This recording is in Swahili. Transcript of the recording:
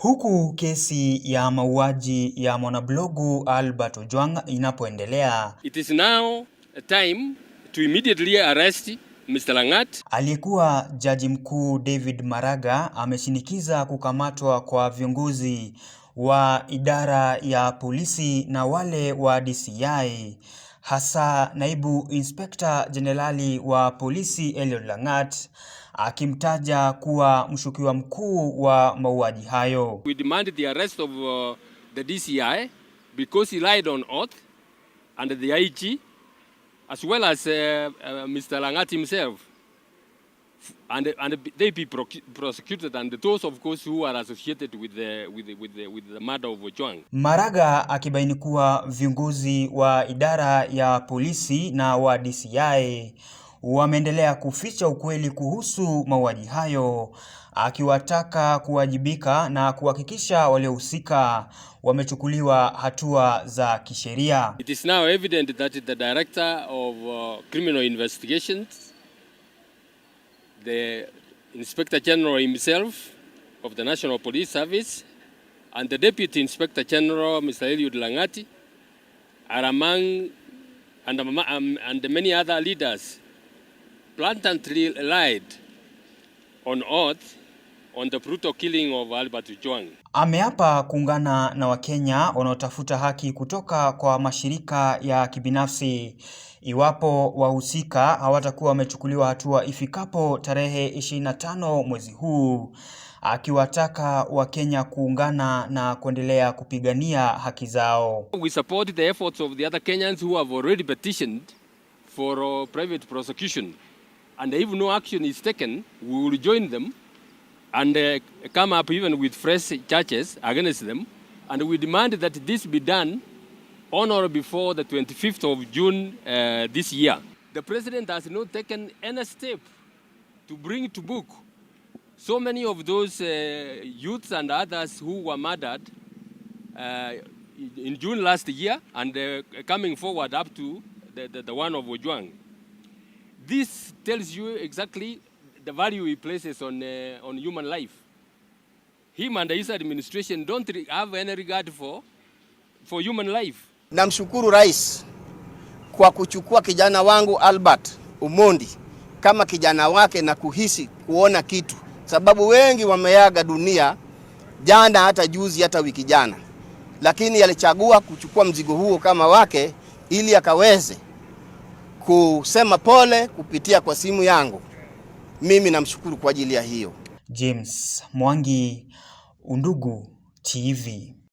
Huku kesi ya mauaji ya mwanablogu Albert Ojwang inapoendelea, it is now a time to immediately arrest Mr. Langat. Aliyekuwa jaji mkuu David Maraga ameshinikiza kukamatwa kwa viongozi wa idara ya polisi na wale wa DCI hasa naibu inspekta jenerali wa polisi Eliud Langat akimtaja kuwa mshukiwa mkuu wa mauaji hayo. We demand the arrest of uh, the DCI because he lied on oath and the IG as well as uh, uh, Mr. Langati himself and, and they be prosecuted and those of course who are associated with the, with the, with the, with the murder of Ojwang. Maraga akibaini kuwa viongozi wa idara ya polisi na wa DCI wameendelea kuficha ukweli kuhusu mauaji hayo, akiwataka kuwajibika na kuhakikisha waliohusika wamechukuliwa hatua za kisheria. It is now evident that the director of uh, criminal investigations, the inspector general himself of the National Police Service and the deputy inspector general Mr. Eliud Langati are among and, um, and many other leaders blatantly lied on oath on the brutal killing of Albert Ojwang. Ameapa kuungana na Wakenya wanaotafuta haki kutoka kwa mashirika ya kibinafsi iwapo wahusika hawatakuwa wamechukuliwa hatua ifikapo tarehe 25 mwezi huu, akiwataka Wakenya kuungana na kuendelea kupigania haki zao. We support the efforts of the other Kenyans who have already petitioned for private prosecution. and if no action is taken, we will join them and uh, come up even with fresh charges against them. And we demand that this be done on or before the 25th of June uh, this year. The president has not taken any step to bring to book so many of those uh, youths and others who were murdered uh, in June last year and uh, coming forward up to the, the, the one of Ojwang. This tells you exactly the value he places on, uh, on human life. Him and his administration don't have any regard for, for human life. Namshukuru Rais kwa kuchukua kijana wangu Albert Umondi kama kijana wake na kuhisi kuona kitu, sababu wengi wameaga dunia jana, hata juzi, hata wiki jana, lakini alichagua kuchukua mzigo huo kama wake ili akaweze kusema pole kupitia kwa simu yangu. Mimi namshukuru kwa ajili ya hiyo. James Mwangi, Undugu TV.